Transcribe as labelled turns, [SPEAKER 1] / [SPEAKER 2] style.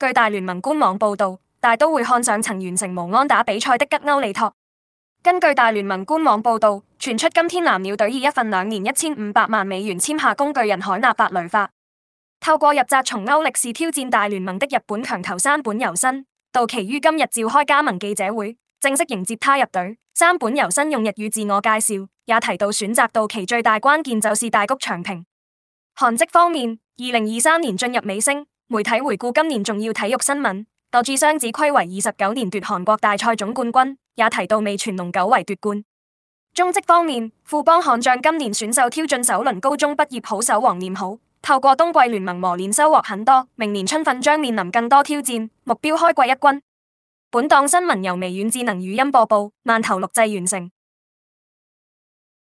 [SPEAKER 1] 據大聯盟官網報道，大都會看上曾完成無安打比賽的吉歐利托。根據大聯盟官網報道，傳出今天藍鳥隊以一份兩年一千五百萬美元簽下工具人海納巴雷法。透過入札從歐力士挑戰大聯盟的日本強投山本由伸，道奇於今日召開加盟記者會，正式迎接他入隊。山本由伸用日語自我介紹，也提到選擇道奇最大關鍵就是大谷翔平。韓籍方面，二零二三年進入尾聲。媒體回顧今年重要體育新聞，杜志雙子睽違二十九年奪韓國大賽總冠軍，也提到味全龍久違奪冠。中職方面，富邦悍將今年選秀挑進首輪高中畢業好手王念好，透過冬季聯盟磨練收穫很多，明年春訓將面臨更多挑戰，目標開季一軍。本檔新聞由微軟智能語音播報，慢投錄製完成。